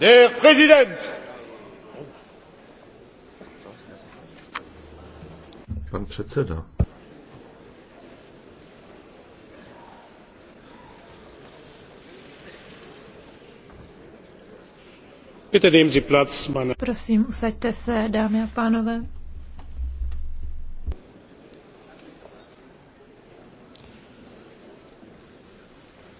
Der Präsident! Pan předseda. Prosím, usaďte se, dámy a pánové.